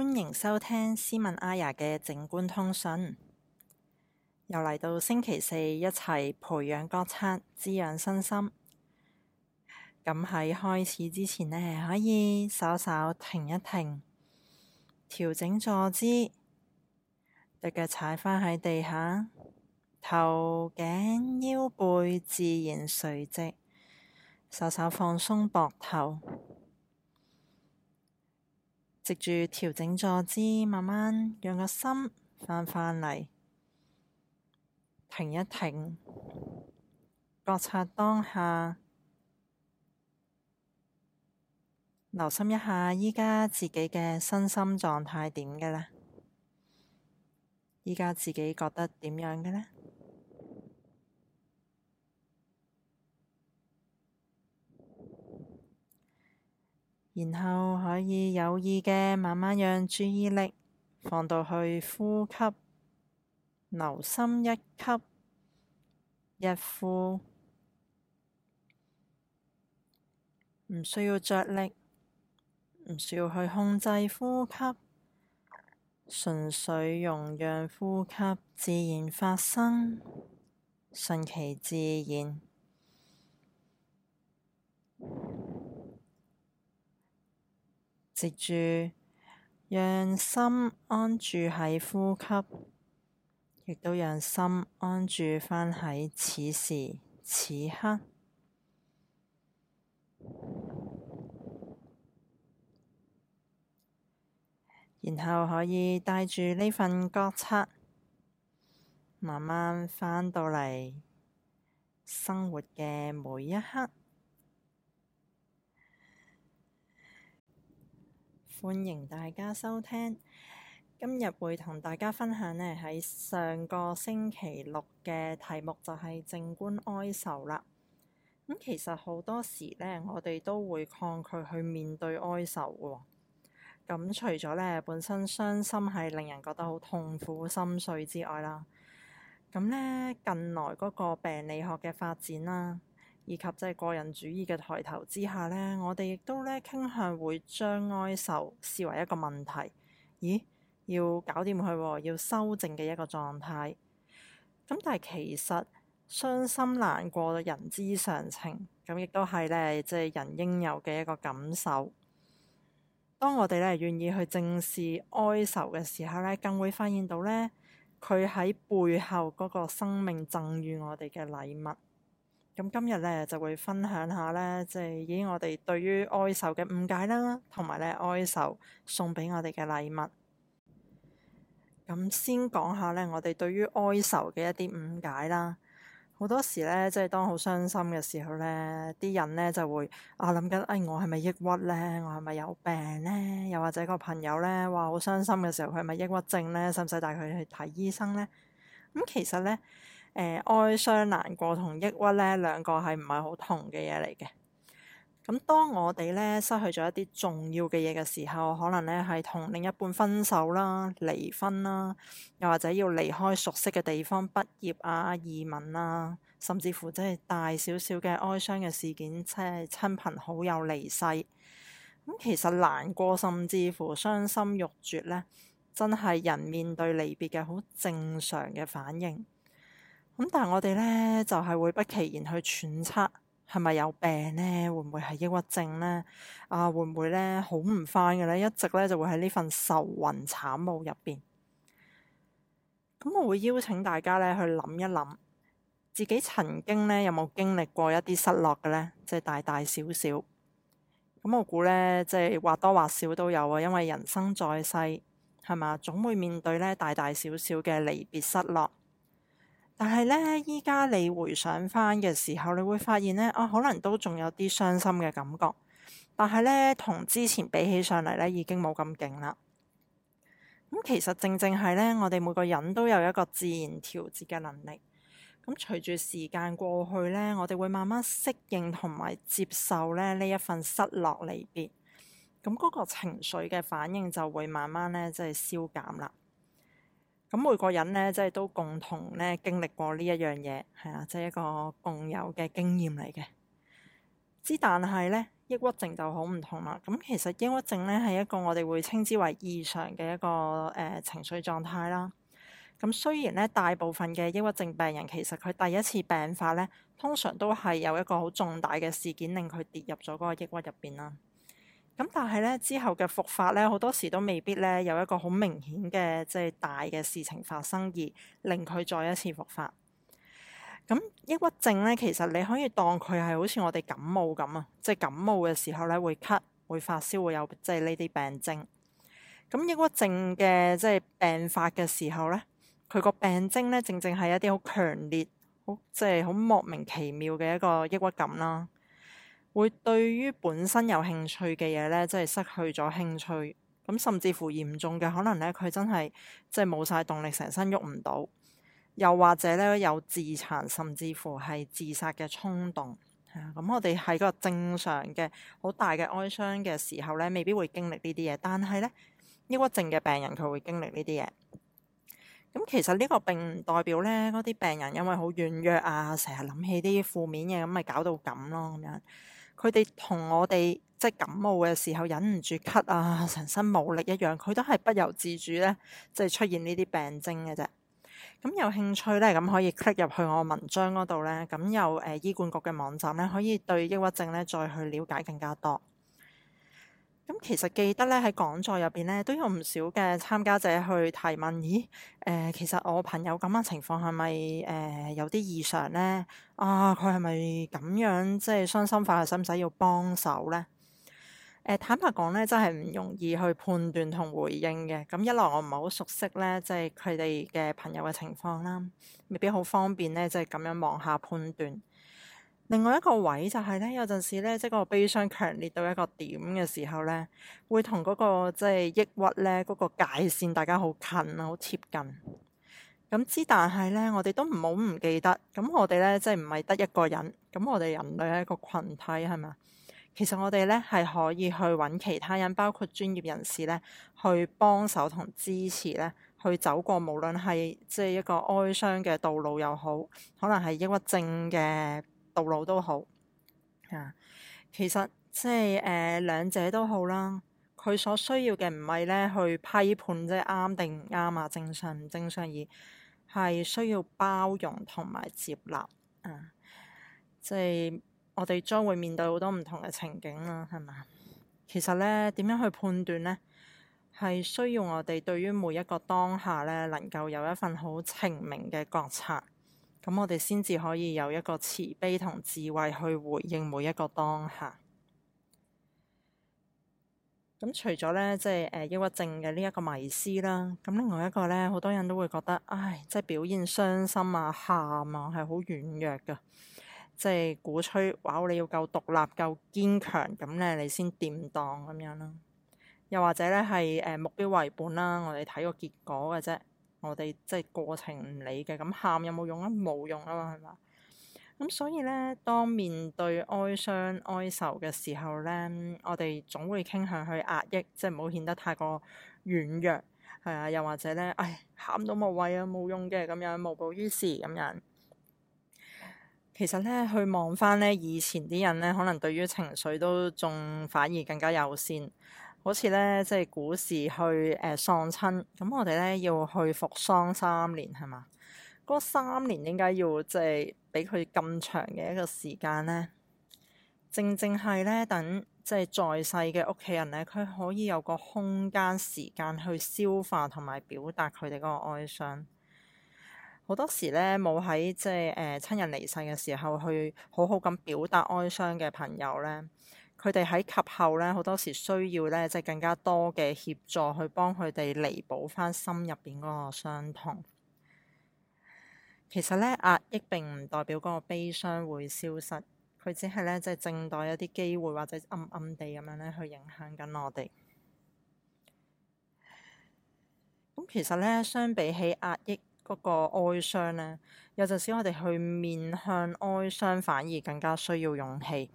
歡迎收聽斯文阿雅嘅靜觀通訊。又嚟到星期四，一齊培養覺察，滋養身心。咁喺開始之前呢，可以稍稍停一停，調整坐姿，隻腳踩返喺地下，頭頸腰背自然垂直，稍稍放鬆膊頭。藉住，調整坐姿，慢慢讓個心翻返嚟，停一停，覺察當下，留心一下，依家自己嘅身心狀態點嘅咧？依家自己覺得點樣嘅咧？然後可以有意嘅慢慢讓注意力放到去呼吸，留心一吸一呼，唔需要着力，唔需要去控制呼吸，純粹容讓呼吸自然發生，順其自然。接住，讓心安住喺呼吸，亦都讓心安住返喺此時此刻，然後可以帶住呢份覺察，慢慢返到嚟生活嘅每一刻。歡迎大家收聽，今日會同大家分享呢喺上個星期六嘅題目就係靜觀哀愁啦。咁其實好多時呢，我哋都會抗拒去面對哀愁喎。咁、嗯、除咗呢本身傷心係令人覺得好痛苦心碎之外啦，咁、嗯、呢近來嗰個病理學嘅發展啦、啊。以及即係個人主義嘅抬頭之下呢，我哋亦都咧傾向會將哀愁視為一個問題，咦？要搞掂佢，要修正嘅一個狀態。咁但係其實傷心難過，人之常情，咁亦都係咧，即係人應有嘅一個感受。當我哋咧願意去正視哀愁嘅時候咧，更會發現到咧佢喺背後嗰個生命贈與我哋嘅禮物。咁今日咧就會分享下咧，即係以我哋對於哀愁嘅誤解啦，同埋咧哀愁送俾我哋嘅禮物。咁先講下咧，我哋對於哀愁嘅一啲誤解啦。好多時咧，即係當好傷心嘅時候咧，啲人咧就會啊諗緊，哎，我係咪抑鬱咧？我係咪有病咧？又或者個朋友咧話好傷心嘅時候，佢係咪抑鬱症咧？使唔使帶佢去睇醫生咧？咁其實咧～誒、呃，哀傷、難過同抑鬱呢兩個係唔係好同嘅嘢嚟嘅？咁當我哋呢失去咗一啲重要嘅嘢嘅時候，可能呢係同另一半分手啦，離婚啦，又或者要離開熟悉嘅地方、畢業啊、移民啊，甚至乎即係大少少嘅哀傷嘅事件，即係親朋好友離世。咁其實難過，甚至乎傷心欲絕呢，真係人面對離別嘅好正常嘅反應。咁但係我哋呢，就係會不其然去揣測係咪有病呢？會唔會係抑鬱症呢？啊，會唔會呢？好唔翻嘅呢？一直呢，就會喺呢份愁雲慘霧入邊。咁我會邀請大家呢，去諗一諗，自己曾經呢，有冇經歷過一啲失落嘅呢？即係大大小小。咁我估呢，即係或多或少都有啊，因為人生在世係嘛，總會面對呢大大小小嘅離別失落。但係咧，依家你回想翻嘅時候，你會發現咧，哦、啊，可能都仲有啲傷心嘅感覺，但係咧，同之前比起上嚟咧，已經冇咁勁啦。咁其實正正係咧，我哋每個人都有一個自然調節嘅能力。咁隨住時間過去咧，我哋會慢慢適應同埋接受咧呢一份失落離別，咁嗰個情緒嘅反應就會慢慢咧即係消減啦。咁每個人咧，即係都共同咧經歷過呢一樣嘢，係啊，即係一個共有嘅經驗嚟嘅。之但係咧，抑鬱症就好唔同啦。咁其實抑鬱症咧係一個我哋會稱之為異常嘅一個誒、呃、情緒狀態啦。咁雖然咧，大部分嘅抑鬱症病人其實佢第一次病發咧，通常都係有一個好重大嘅事件令佢跌入咗嗰個抑鬱入邊啦。咁但係咧，之後嘅復發咧，好多時都未必咧有一個好明顯嘅即係大嘅事情發生而令佢再一次復發。咁抑鬱症咧，其實你可以當佢係好似我哋感冒咁啊，即係感冒嘅時候咧會咳、會發燒、會有即係呢啲病症。咁抑鬱症嘅即係病發嘅時候咧，佢個病徵咧正正係一啲好強烈、好即係好莫名其妙嘅一個抑鬱感啦。會對於本身有興趣嘅嘢咧，即係失去咗興趣咁，甚至乎嚴重嘅可能咧，佢真係即係冇晒動力，成身喐唔到，又或者咧有自殘，甚至乎係自殺嘅衝動。咁、嗯、我哋喺個正常嘅好大嘅哀傷嘅時候咧，未必會經歷呢啲嘢，但係咧抑鬱症嘅病人佢會經歷呢啲嘢。咁、嗯、其實呢個並唔代表咧嗰啲病人因為好軟弱啊，成日諗起啲負面嘢，咁咪搞到咁咯咁樣。佢哋同我哋即係感冒嘅時候忍唔住咳啊，成身冇力一樣，佢都係不由自主咧，就係出現呢啲病徵嘅啫。咁有興趣咧，咁可以 click 入去我文章嗰度咧，咁有誒、呃、醫管局嘅網站咧，可以對抑鬱症咧再去了解更加多。咁其實記得咧，喺講座入邊咧都有唔少嘅參加者去提問。咦？誒、呃，其實我朋友咁嘅情況係咪誒有啲異常咧？啊，佢係咪咁樣即係傷心化？係使唔使要幫手咧？誒、呃，坦白講咧，真係唔容易去判斷同回應嘅。咁一來我唔係好熟悉咧，即係佢哋嘅朋友嘅情況啦，未必好方便咧，即係咁樣望下判斷。另外一個位就係咧，有陣時咧，即係個悲傷強烈到一個點嘅時候咧，會同嗰個即係抑鬱咧嗰個界線，大家好近啊，好貼近咁之。但係咧，我哋都唔好唔記得咁，我哋咧即係唔係得一個人咁，我哋人類係一個群體係嘛。其實我哋咧係可以去揾其他人，包括專業人士咧，去幫手同支持咧，去走過無論係即係一個哀傷嘅道路又好，可能係抑鬱症嘅。道路都好，其實即係呃、兩者都好啦。佢所需要嘅唔係咧去批判啫，啱定唔啱啊？正常唔正常？正常，而係需要包容同埋接納、啊、即係我哋將會面對好多唔同嘅情景啦，係嘛？其實呢，點樣去判斷呢？係需要我哋對於每一個當下呢，能夠有一份好澄明嘅覺察。咁我哋先至可以有一個慈悲同智慧去回應每一個當下。咁除咗咧，即係誒抑鬱症嘅呢一個迷思啦。咁另外一個咧，好多人都會覺得，唉，即係表現傷心啊、喊啊，係好軟弱㗎。即係鼓吹，哇！你要夠獨立、夠堅強，咁咧你先掂當咁樣啦。又或者咧，係誒、呃、目標為本啦，我哋睇個結果嘅啫。我哋即係過程唔理嘅，咁喊有冇用、用啊？冇用啊嘛，係嘛？咁所以咧，當面對哀傷、哀愁嘅時候咧，我哋總會傾向去壓抑，即係唔好顯得太過軟弱，係啊？又或者咧，唉、哎，喊都冇謂啊，冇用嘅，咁樣無補於事咁樣。其實咧，去望翻咧，以前啲人咧，可能對於情緒都仲反而更加友善。好似咧，即係古時去誒喪親，咁我哋咧，要去服喪三年，係嘛？嗰三年應該要即係俾佢咁長嘅一個時間咧，正正係咧等即係在世嘅屋企人咧，佢可以有個空間時間去消化同埋表達佢哋嗰個哀傷。好多時咧冇喺即係誒親人離世嘅時候去好好咁表達哀傷嘅朋友咧。佢哋喺及後咧，好多時需要咧，即係更加多嘅協助去幫佢哋彌補翻心入邊嗰個傷痛。其實咧，壓抑並唔代表嗰個悲傷會消失，佢只係咧即係正待一啲機會或者暗暗地咁樣咧去影響緊我哋。咁其實咧，相比起壓抑嗰個哀傷咧，有陣時我哋去面向哀傷，反而更加需要勇氣。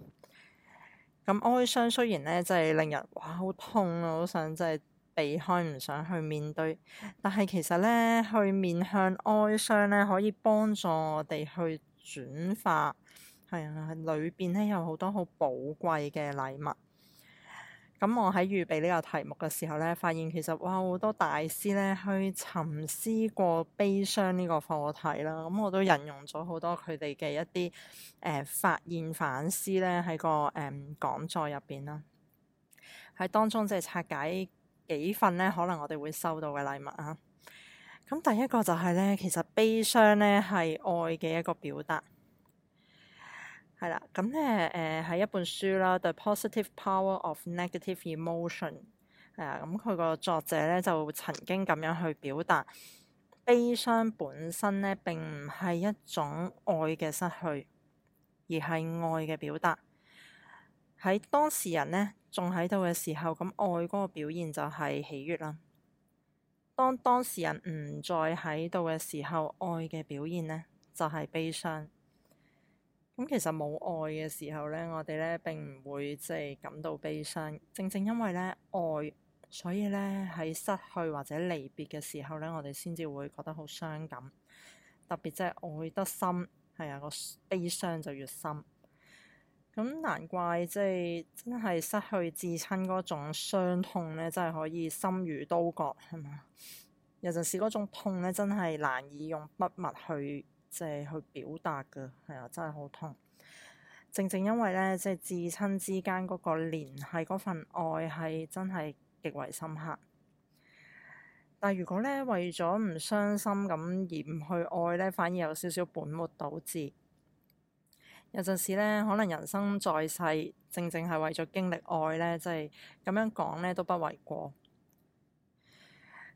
咁哀傷雖然咧、即係，真係令人哇好痛啊，好想真係避開唔想去面對，但係其實咧去面向哀傷咧，可以幫助我哋去轉化，係啊，裏邊咧有好多好寶貴嘅禮物。咁我喺預備呢個題目嘅時候呢，發現其實哇好多大師呢去沉思過悲傷呢個課題啦。咁我都引用咗好多佢哋嘅一啲誒、呃、發現反思呢喺個誒呃、講座入邊啦。喺當中即係拆解幾份呢，可能我哋會收到嘅禮物啊。咁第一個就係呢，其實悲傷呢係愛嘅一個表達。係啦，咁咧誒係一本書啦，《The Positive Power of Negative Emotion》係、嗯、啊，咁佢個作者咧就曾經咁樣去表達，悲傷本身咧並唔係一種愛嘅失去，而係愛嘅表達。喺當事人咧仲喺度嘅時候，咁愛嗰個表現就係喜悅啦。當當事人唔再喺度嘅時候，愛嘅表現咧就係悲傷。咁其實冇愛嘅時候呢，我哋呢並唔會即係感到悲傷。正正因為呢愛，所以呢喺失去或者離別嘅時候呢，我哋先至會覺得好傷感。特別即係愛得深，係啊個悲傷就越深。咁難怪即係真係失去至親嗰種傷痛呢，真係可以心如刀割係嘛。有陣時嗰種痛呢，真係難以用筆墨去。即係去表達㗎係啊，真係好痛。正正因為咧，即係至親之間嗰個聯繫，嗰份愛係真係極為深刻。但如果咧，為咗唔傷心咁而唔去愛咧，反而有少少本末倒置。有陣時咧，可能人生在世，正正係為咗經歷愛咧，即係咁樣講咧都不為過。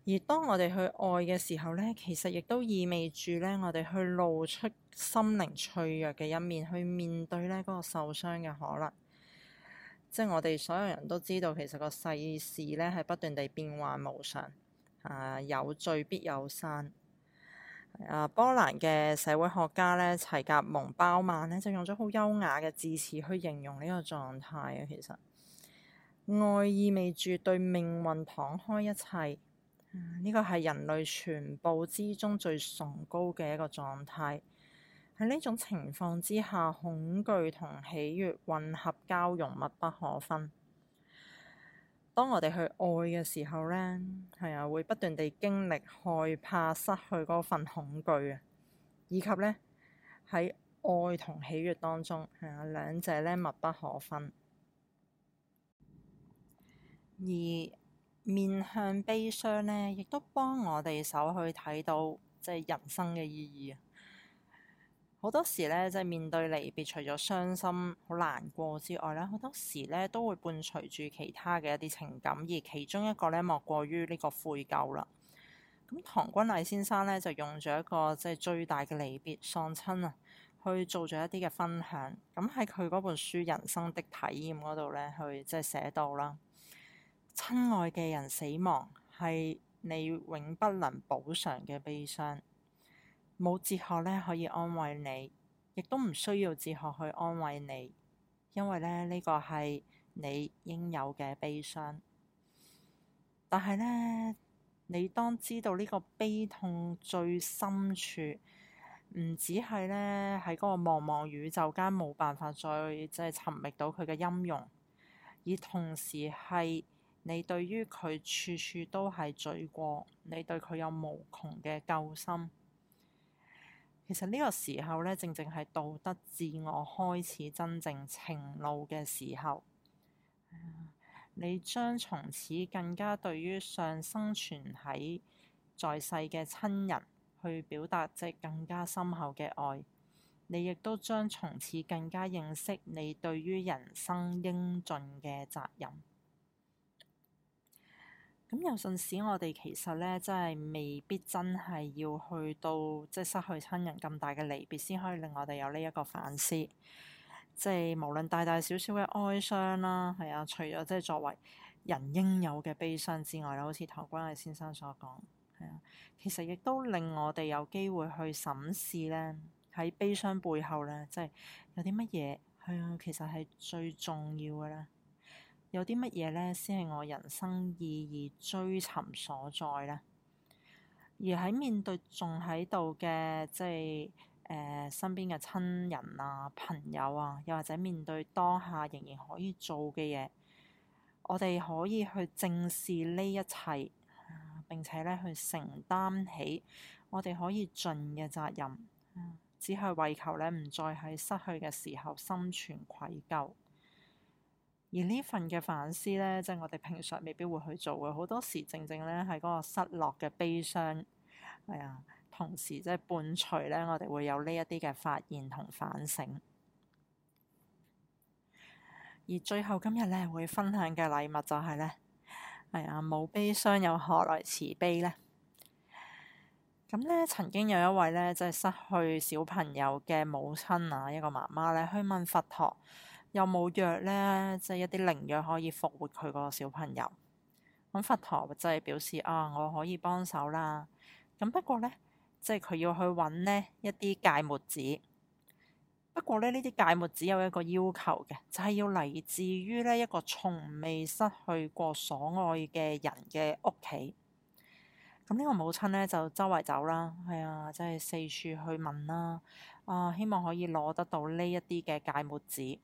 而當我哋去愛嘅時候呢，其實亦都意味住呢，我哋去露出心靈脆弱嘅一面，去面對呢嗰個受傷嘅可能。即係我哋所有人都知道，其實個世事呢係不斷地變幻無常啊，有聚必有散啊。波蘭嘅社會學家呢，齊格蒙包曼呢，就用咗好優雅嘅字詞去形容呢個狀態啊。其實愛意味住對命運敞開一切。呢個係人類全部之中最崇高嘅一個狀態。喺呢種情況之下，恐懼同喜悅混合交融，密不可分。當我哋去愛嘅時候呢，係啊，會不斷地經歷害怕失去嗰份恐懼啊，以及呢，喺愛同喜悅當中，係啊，兩者呢密不可分。而面向悲傷呢，亦都幫我哋手去睇到即係人生嘅意義。好多時呢，即係面對離別，除咗傷心、好難過之外呢，好多時呢都會伴隨住其他嘅一啲情感，而其中一個呢，莫過於呢個悔疚啦。咁唐君毅先生呢，就用咗一個即係最大嘅離別喪親啊，去做咗一啲嘅分享。咁喺佢嗰本書《人生的體驗》嗰度呢，去即係寫到啦。親愛嘅人死亡係你永不能補償嘅悲傷，冇哲學咧可以安慰你，亦都唔需要哲學去安慰你，因為咧呢個係你應有嘅悲傷。但係咧，你當知道呢個悲痛最深處，唔只係咧喺嗰個茫茫宇宙間冇辦法再即係尋覓到佢嘅音容，而同時係。你對於佢處處都係罪過，你對佢有無窮嘅救心。其實呢個時候呢，正正係道德自我開始真正情路嘅時候，你將從此更加對於上生存喺在，在世嘅親人去表達即更加深厚嘅愛，你亦都將從此更加認識你對於人生應盡嘅責任。咁有陣時，我哋其實咧，真係未必真係要去到即係失去親人咁大嘅離別先可以令我哋有呢一個反思，即係無論大大小小嘅哀傷啦、啊，係啊，除咗即係作為人應有嘅悲傷之外，啦，好似唐君毅先生所講，係啊，其實亦都令我哋有機會去審視咧，喺悲傷背後咧，即係有啲乜嘢係啊，其實係最重要嘅啦。有啲乜嘢咧，先係我人生意義追尋所在咧。而喺面對仲喺度嘅，即係誒、呃、身邊嘅親人啊、朋友啊，又或者面對當下仍然可以做嘅嘢，我哋可以去正視呢一切，並且咧去承擔起我哋可以盡嘅責任，只係為求咧唔再喺失去嘅時候心存愧疚。而呢份嘅反思呢，即係我哋平常未必會去做嘅，好多時正正呢係嗰個失落嘅悲傷，係、哎、啊，同時即係伴隨呢，我哋會有呢一啲嘅發現同反省。而最後今日呢，會分享嘅禮物就係、是、呢，係、哎、啊，冇悲傷又何來慈悲呢？咁呢曾經有一位呢，即、就、係、是、失去小朋友嘅母親啊，一個媽媽呢，去問佛陀。又有冇藥呢，即係一啲靈藥可以復活佢個小朋友。咁佛陀就係表示啊，我可以幫手啦。咁不過呢，即係佢要去搵呢一啲芥末子。不過咧，呢啲芥末子有一個要求嘅，就係要嚟自於呢一個從未失去過所愛嘅人嘅屋企。咁呢個母親呢，就周圍走啦，係啊，即係四處去問啦啊，希望可以攞得到呢一啲嘅芥末子。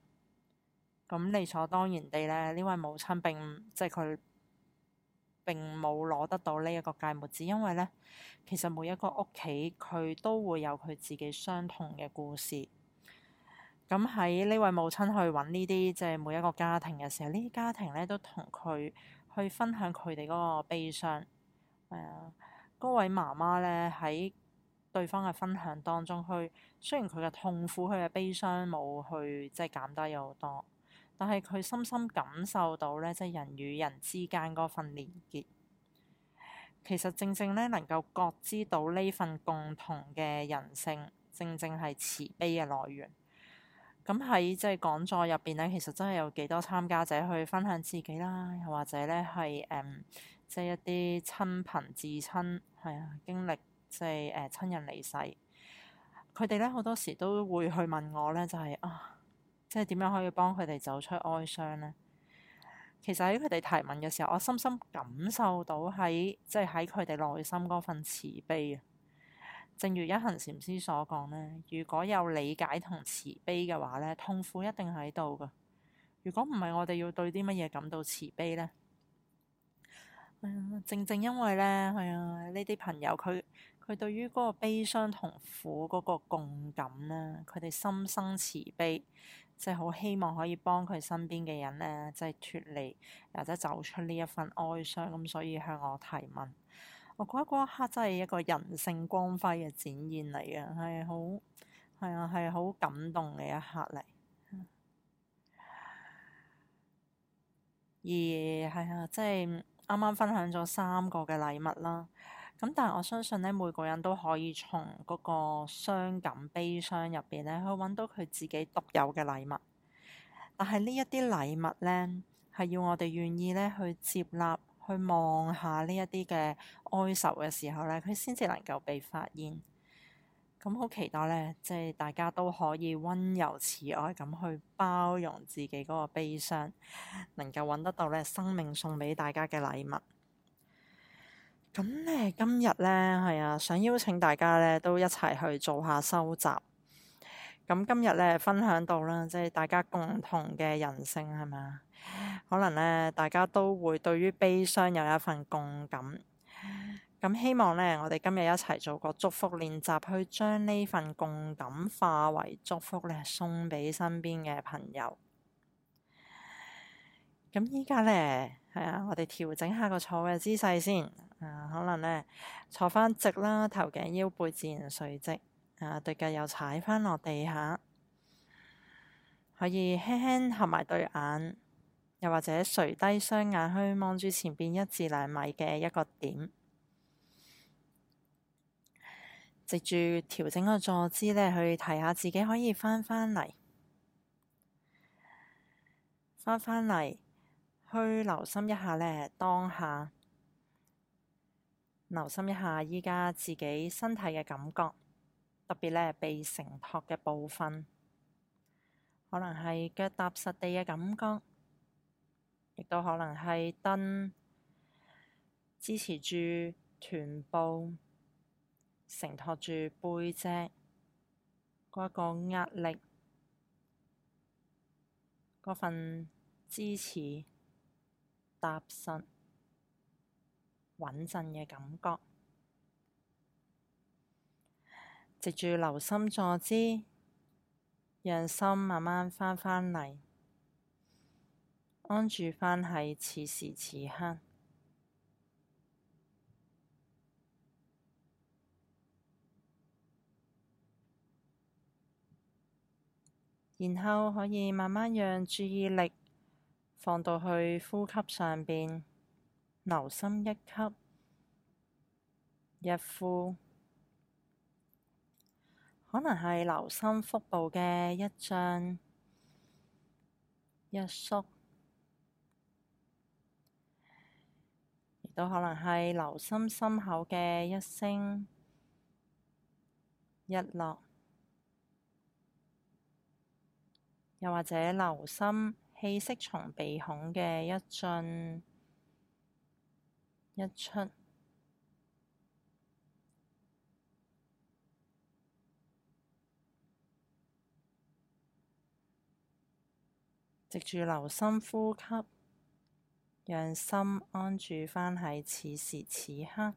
咁理所當然地咧，呢位母親並即係佢並冇攞得到呢一個芥末子，因為咧，其實每一個屋企佢都會有佢自己相同嘅故事。咁喺呢位母親去揾呢啲，即係每一個家庭嘅時候，呢啲家庭咧都同佢去分享佢哋嗰個悲傷。嗰、呃、位媽媽咧喺對方嘅分享當中，去雖然佢嘅痛苦、佢嘅悲傷冇去即係減低咗好多。但係佢深深感受到咧，即係人與人之間嗰份連結，其實正正咧能夠覺知到呢份共同嘅人性，正正係慈悲嘅來源。咁喺即係講座入邊咧，其實真係有幾多參加者去分享自己啦，又或者咧係誒，即 um, 係一啲親朋至親，係啊，經歷即係誒親人離世，佢哋咧好多時都會去問我咧，就係啊。即係點樣可以幫佢哋走出哀傷呢？其實喺佢哋提問嘅時候，我深深感受到喺即係喺佢哋內心嗰份慈悲啊。正如一行禪師所講呢，如果有理解同慈悲嘅話咧，痛苦一定喺度噶。如果唔係，我哋要對啲乜嘢感到慈悲呢、嗯？正正因為呢，係啊呢啲朋友，佢佢對於嗰個悲傷同苦嗰個共感咧，佢哋心生慈悲。即係好希望可以幫佢身邊嘅人咧，即係脫離，或者走出呢一份哀傷。咁所以向我提問，我覺得嗰一刻真係一個人性光輝嘅展現嚟嘅，係好，係啊，係好感動嘅一刻嚟。而係啊，即係啱啱分享咗三個嘅禮物啦。咁但係我相信咧，每個人都可以從嗰個傷感、悲傷入邊咧，去揾到佢自己獨有嘅禮物。但係呢一啲禮物咧，係要我哋願意咧去接納、去望下呢一啲嘅哀愁嘅時候咧，佢先至能夠被發現。咁好期待咧，即係大家都可以溫柔慈愛咁去包容自己嗰個悲傷，能夠揾得到咧生命送俾大家嘅禮物。咁咧，今日咧係啊，想邀請大家咧都一齊去做下收集。咁今日咧分享到啦，即係大家共同嘅人性係咪？可能咧大家都會對於悲傷有一份共感。咁希望咧，我哋今日一齊做個祝福練習，去將呢份共感化為祝福咧，送俾身邊嘅朋友。咁依家咧係啊，我哋調整下個坐嘅姿勢先。啊、可能呢，坐翻直啦，頭頸腰背自然垂直。啊，對腳又踩翻落地下，可以輕輕合埋對眼，又或者垂低雙眼去望住前邊一至兩米嘅一個點，藉住調整個坐姿呢，去提下自己可以翻返嚟，翻返嚟去留心一下呢，當下。留心一下，依家自己身體嘅感覺，特別係被承托嘅部分，可能係腳踏實地嘅感覺，亦都可能係凳支持住臀部，承托住背脊嗰一個壓力，嗰份支持踏實，穩陣嘅感覺，藉住留心坐姿，讓心慢慢翻返嚟，安住翻喺此時此刻，然後可以慢慢讓注意力放到去呼吸上面。留心一吸，一呼，可能係留心腹部嘅一進一縮，亦都可能係留心心口嘅一升一落，又或者留心氣息從鼻孔嘅一進，一出，藉住留心呼吸，讓心安住返喺此時此刻。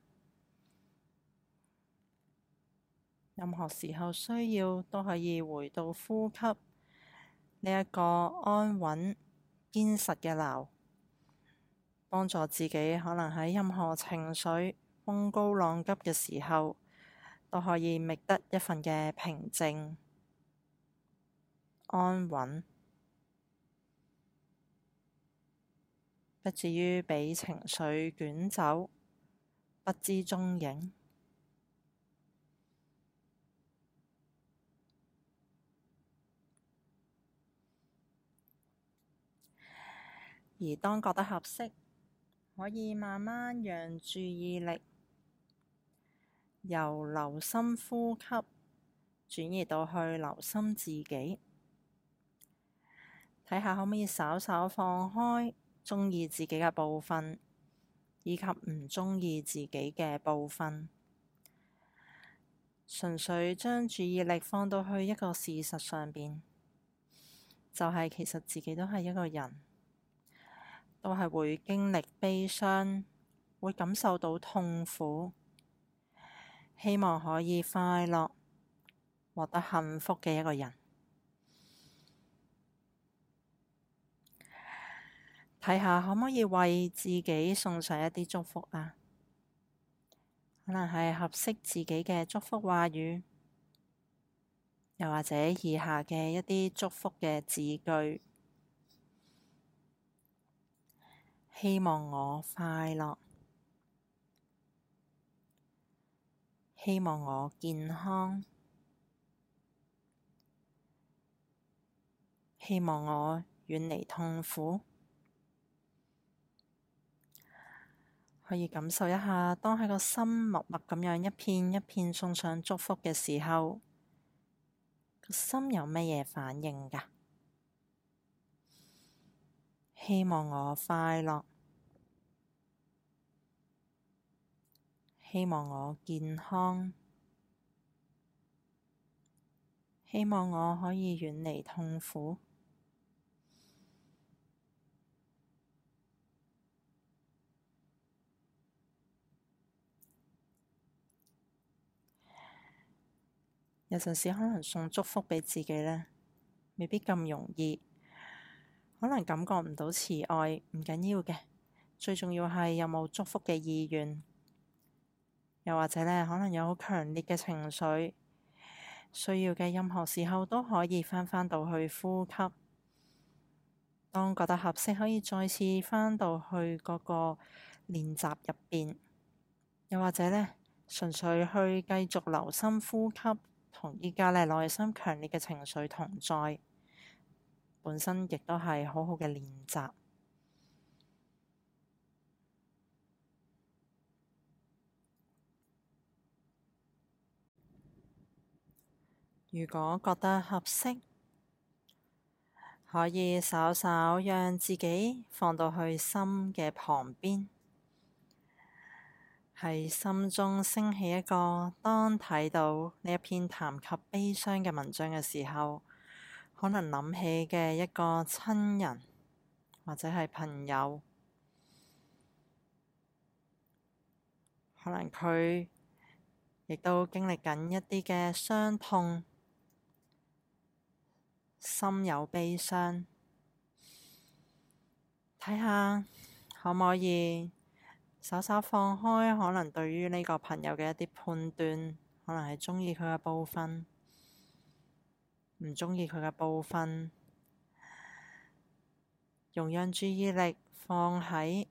任何時候需要，都可以回到呼吸呢一、這個安穩堅實嘅樓。幫助自己，可能喺任何情緒風高浪急嘅時候，都可以覓得一份嘅平靜安穩，不至於被情緒捲走，不知蹤影。而當覺得合適。可以慢慢讓注意力由留心呼吸轉移到去留心自己，睇下可唔可以稍稍放開鍾意自己嘅部分，以及唔鍾意自己嘅部分，純粹將注意力放到去一個事實上邊，就係、是、其實自己都係一個人。都係會經歷悲傷，會感受到痛苦，希望可以快樂，獲得幸福嘅一個人。睇下可唔可以為自己送上一啲祝福呀？可能係合適自己嘅祝福話語，又或者以下嘅一啲祝福嘅字句。希望我快樂，希望我健康，希望我遠離痛苦，可以感受一下，當喺個心默默咁樣一片一片送上祝福嘅時候，個心有咩嘢反應噶？希望我快樂，希望我健康，希望我可以遠離痛苦。有陣時可能送祝福畀自己呢，未必咁容易。可能感覺唔到慈愛，唔緊要嘅。最重要係有冇祝福嘅意願，又或者咧，可能有好強烈嘅情緒，需要嘅任何時候都可以翻返到去呼吸。當覺得合適，可以再次返到去嗰個練習入邊，又或者咧，純粹去繼續留心呼吸，同而家咧內心強烈嘅情緒同在。本身亦都係好好嘅練習。如果覺得合適，可以稍稍讓自己放到去心嘅旁邊，喺心中升起一個：當睇到呢一篇談及悲傷嘅文章嘅時候。可能諗起嘅一個親人或者係朋友，可能佢亦都經歷緊一啲嘅傷痛，心有悲傷。睇下可唔可以稍稍放開，可能對於呢個朋友嘅一啲判斷，可能係中意佢嘅部分，唔鍾意佢嘅部分，用讓注意力放喺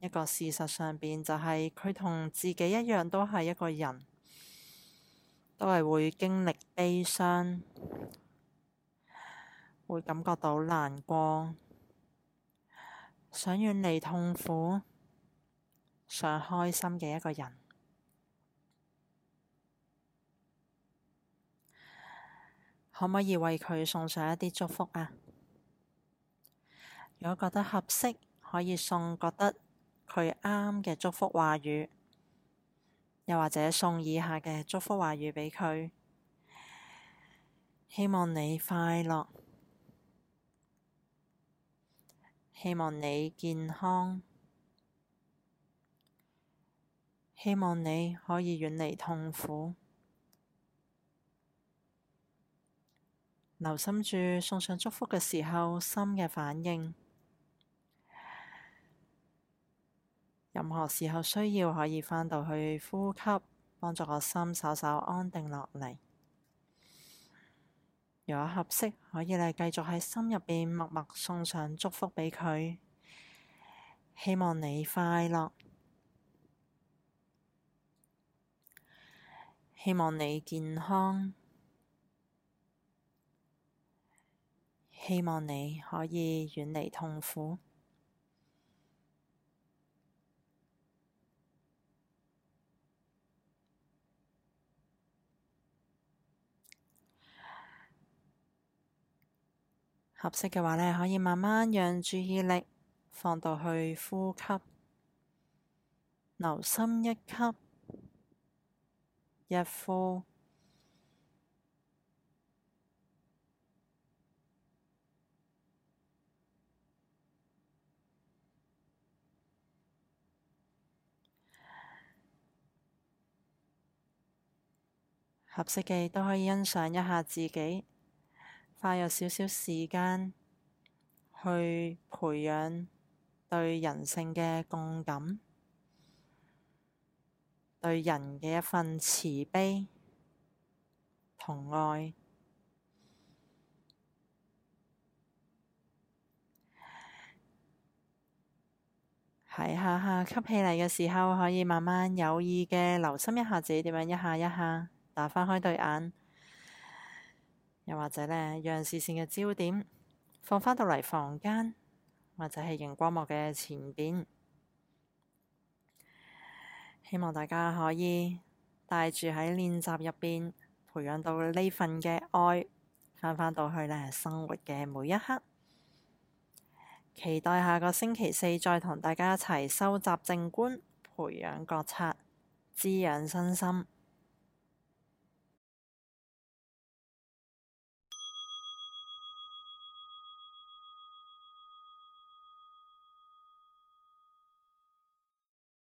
一個事實上邊，就係、是、佢同自己一樣都係一個人，都係會經歷悲傷，會感覺到難過，想遠離痛苦，想開心嘅一個人。可唔可以為佢送上一啲祝福啊？如果覺得合適，可以送覺得佢啱嘅祝福話語，又或者送以下嘅祝福話語畀佢。希望你快樂，希望你健康，希望你可以遠離痛苦。留心住送上祝福嘅時候，心嘅反應。任何時候需要，可以返到去呼吸，幫助個心稍稍安定落嚟。如果合適，可以咧繼續喺心入邊默默送上祝福畀佢。希望你快樂，希望你健康。希望你可以遠離痛苦。合適嘅話咧，可以慢慢讓注意力放到去呼吸，留心一吸一呼。合適嘅都可以欣賞一下自己，花咗少少時間去培養對人性嘅共感，對人嘅一份慈悲同愛。係下下吸氣嚟嘅時候，可以慢慢有意嘅留心一下，自己點樣一下一下。打翻開對眼，又或者呢，讓視線嘅焦點放返到嚟房間，或者係熒光幕嘅前邊。希望大家可以帶住喺練習入邊培養到呢份嘅愛，返返到去呢生活嘅每一刻。期待下個星期四再同大家一齊收集靜觀，培養覺察，滋養身心。